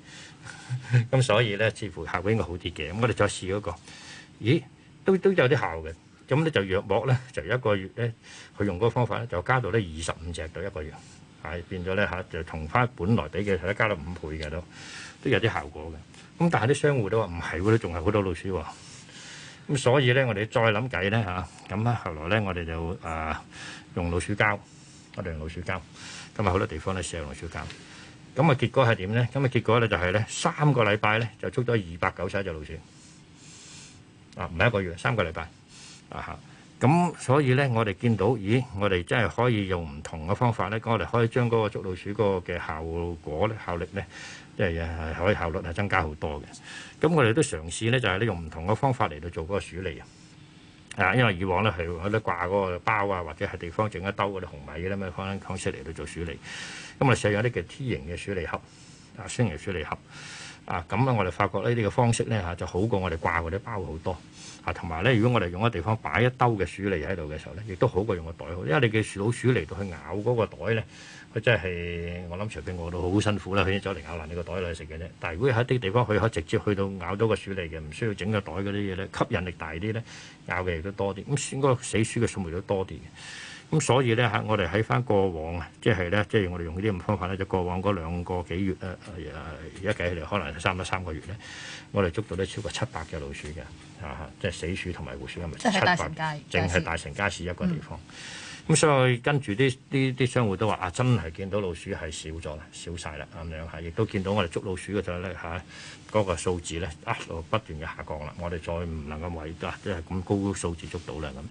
Speaker 3: 咁、啊、所以咧，似乎效果應該好啲嘅。咁我哋再試嗰個，咦，都都，都有啲效嘅。咁咧就約莫咧就一個月咧，佢用嗰個方法咧就加到咧二十五隻到一個月，係變咗咧嚇就同翻本來比嘅，係加到五倍嘅，都都有啲效果嘅。咁但係啲商戶都話唔係喎，都仲係好多老鼠喎、哦。咁所以咧，我哋再諗計咧嚇咁啊，後來咧我哋就啊用老鼠膠，我哋用老鼠膠咁啊，好多地方都試用老鼠膠。咁啊，結果係點咧？咁啊，結果咧就係咧三個禮拜咧就捉咗二百九十一隻老鼠啊，唔係一個月，三個禮拜。啊哈！咁所以咧，我哋見到，咦？我哋真係可以用唔同嘅方法咧，我哋可以將嗰個捉老鼠嗰個嘅效果咧、效力咧，即係可以效率係增加好多嘅。咁、嗯、我哋都嘗試咧，就係、是、用唔同嘅方法嚟到做嗰個處理啊。啊，因為以往咧係我哋掛嗰個包啊，或者係地方整一兜嗰啲紅米咁樣放放出嚟到做處理。咁、嗯、我哋試有啲嘅 T 型嘅處理盒啊，新型處理盒啊。咁啊，嗯、我哋發覺呢啲嘅、這個、方式咧就好過我哋掛嗰啲包好多。啊，同埋咧，如果我哋用個地方擺一兜嘅鼠嚟喺度嘅時候咧，亦都好過用個袋，因為你嘅老鼠嚟到去咬嗰個袋咧，佢真係我諗除非餓到好辛苦啦，佢走嚟咬爛你個袋嚟食嘅啫。但係如果喺啲地方佢可以直接去到咬到個鼠嚟嘅，唔需要整個袋嗰啲嘢咧，吸引力大啲咧，咬嘅亦都多啲。咁應該死鼠嘅數目都多啲。咁所以咧嚇，我哋喺翻過往,過往過啊，即係咧，即係我哋用呢啲咁方法咧，就過往嗰兩個幾月咧，係啊，而家計起嚟可能三多三個月咧，我哋捉到咧超過七百隻老鼠嘅，啊嚇，即係死鼠同埋活鼠，係咪？七百，淨係大成街,街,街市一個地方。嗯嗯咁、嗯、所以跟住啲啲啲商戶都話啊，真係見到老鼠係少咗啦，少晒啦咁樣嚇，亦、啊、都見到我哋捉老鼠嘅時候咧嚇，嗰、啊那個數字咧啊，不斷嘅下降啦。我哋再唔能夠維持即係咁高數字捉到啦咁。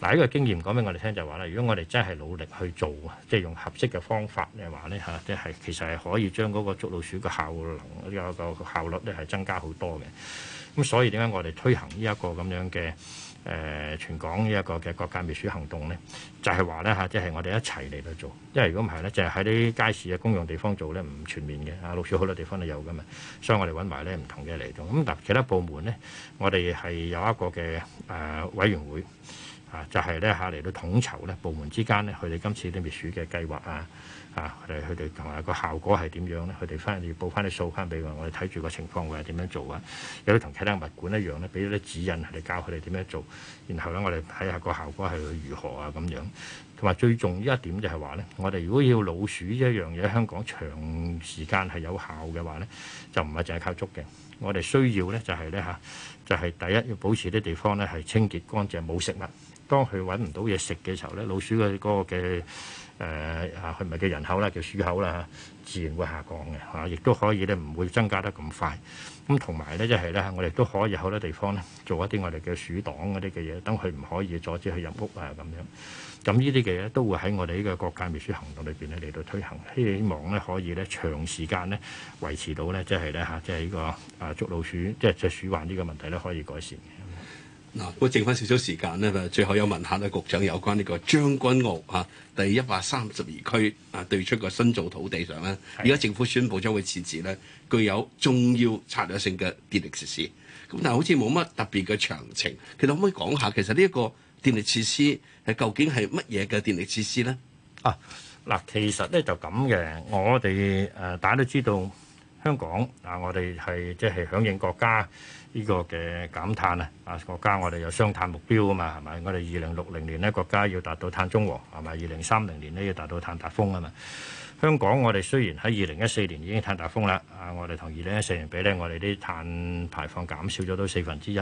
Speaker 3: 嗱、啊，呢、這個經驗講俾我哋聽就話、是、啦，如果我哋真係努力去做、就是、啊，即係用合適嘅方法嘅話咧嚇，即係其實係可以將嗰個捉老鼠嘅效能有、這個、效率咧係增加好多嘅。咁、啊、所以點解我哋推行呢一個咁樣嘅？誒、呃、全港一個嘅各界滅鼠行動咧，就係話咧嚇，即、啊、係、就是、我哋一齊嚟到做，因為如果唔係咧，就係喺啲街市嘅公用地方做咧，唔全面嘅。啊，老鼠好多地方都有㗎嘛，所以我哋揾埋咧唔同嘅嚟做。咁、啊、嗱，其他部門咧，我哋係有一個嘅誒、呃、委員會啊，就係咧嚇嚟到統籌咧部門之間咧，佢哋今次啲滅鼠嘅計劃啊。啊！佢哋同埋個效果係點樣咧？佢哋翻嚟報翻啲數翻俾我，我哋睇住個情況會係點樣做啊？有啲同其他物管一樣咧，俾咗啲指引佢哋教佢哋點樣做，然後咧我哋睇下個效果係如何啊咁樣。同埋最重要一點就係話咧，我哋如果要老鼠呢一樣嘢香港長時間係有效嘅話咧，就唔係淨係靠捉嘅。我哋需要咧就係咧嚇，就係第一要保持啲地方咧係清潔乾淨冇食物。當佢揾唔到嘢食嘅時候咧，老鼠嘅嗰個嘅。誒啊，佢咪叫人口啦，叫鼠口啦，自然會下降嘅嚇、啊，亦都可以咧唔會增加得咁快。咁同埋咧，即係咧，我哋都可以好多地方咧做一啲我哋嘅鼠擋嗰啲嘅嘢，等佢唔可以阻止佢入屋啊咁樣。咁呢啲嘅嘢都會喺我哋呢個國家滅鼠行動裏邊咧嚟到推行，希望咧可以咧長時間咧維持到咧即係咧嚇，即係呢個
Speaker 2: 啊捉老鼠，即係即係鼠患呢個問題咧可以改善。嗱，我剩翻少少時間咧，就最後有問下咧，局長有關呢個將軍澳嚇第一百三十二區啊，對出個新造土地上咧，而家的政府宣佈將會設置咧具有重要策略性嘅電力設施。咁但係好似冇乜特別嘅詳情，其實可唔可以講下其實呢一個電力設施係究竟係乜嘢嘅電力設施咧？啊，嗱，其實咧就咁
Speaker 3: 嘅，我哋誒、呃、大家都知道香港啊、呃，我哋係即係響應國家。呢個嘅減碳啊！啊，國家，我哋有雙碳目標啊嘛，係咪？我哋二零六零年呢，國家要達到碳中和，係咪？二零三零年呢，要達到碳達峰啊嘛。香港我哋雖然喺二零一四年已經碳達峰啦，啊我哋同二零一四年比呢，我哋啲碳排放減少咗都四分之一，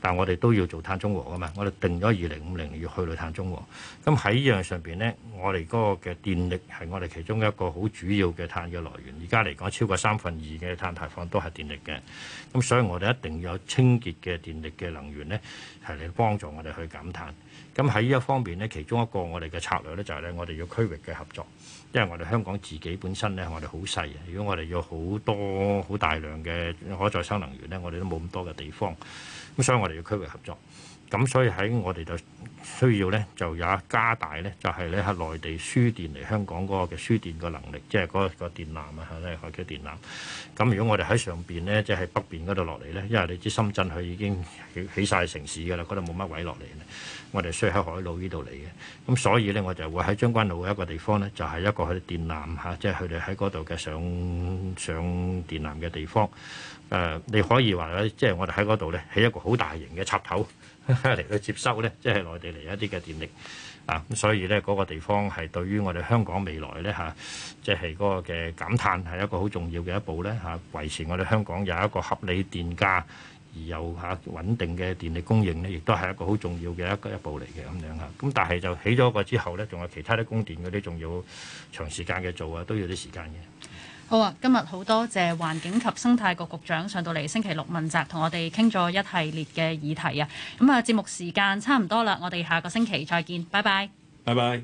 Speaker 3: 但我哋都要做碳中和啊嘛。我哋定咗二零五零年要去到碳中和。咁喺呢樣上邊呢，我哋嗰個嘅電力係我哋其中一個好主要嘅碳嘅來源。而家嚟講，超過三分二嘅碳排放都係電力嘅。咁所以我哋一定要有清潔嘅電力嘅能源咧，係嚟幫助我哋去減碳。咁喺呢一方面咧，其中一個我哋嘅策略咧就係咧，我哋要區域嘅合作。因為我哋香港自己本身咧，我哋好細呀。如果我哋要好多好大量嘅可再生能源咧，我哋都冇咁多嘅地方。咁所以我哋要區域合作。咁所以喺我哋就需要咧，就有加大咧，就係咧喺內地輸電嚟香港嗰個嘅輸電個能力，即係嗰個電纜啊，嚇咧海底電纜。咁如果我哋喺上邊咧，即係北邊嗰度落嚟咧，因為你知深圳佢已經起起曬城市噶啦，嗰度冇乜位落嚟。我哋需要喺海路呢度嚟嘅。咁所以咧，我就會喺將軍澳一個地方咧，就係一個佢電纜嚇，即係佢哋喺嗰度嘅上上電纜嘅地方。誒、呃，你可以話咧，即係我哋喺嗰度咧，起一個好大型嘅插頭。嚟去 [laughs] 接收咧，即係內地嚟一啲嘅電力啊，咁所以咧，嗰、嗰個地方係對於我哋香港未來咧嚇、啊，即係嗰個嘅減碳係一個好重要嘅一步咧嚇，維、啊、持我哋香港有一個合理電價而有嚇穩、啊、定嘅電力供應咧，亦都係一個好重要嘅一一步嚟嘅咁樣嚇。咁、啊、但係就起咗個之後咧，仲有其他啲供電嗰啲，仲要長時間嘅做啊，都要啲時間嘅。
Speaker 1: 好啊！今日好多謝環境及生態局局長上到嚟星期六問責，同我哋傾咗一系列嘅議題啊！咁、嗯、啊，節目時間差唔多啦，我哋下個星期再見，拜拜，拜拜。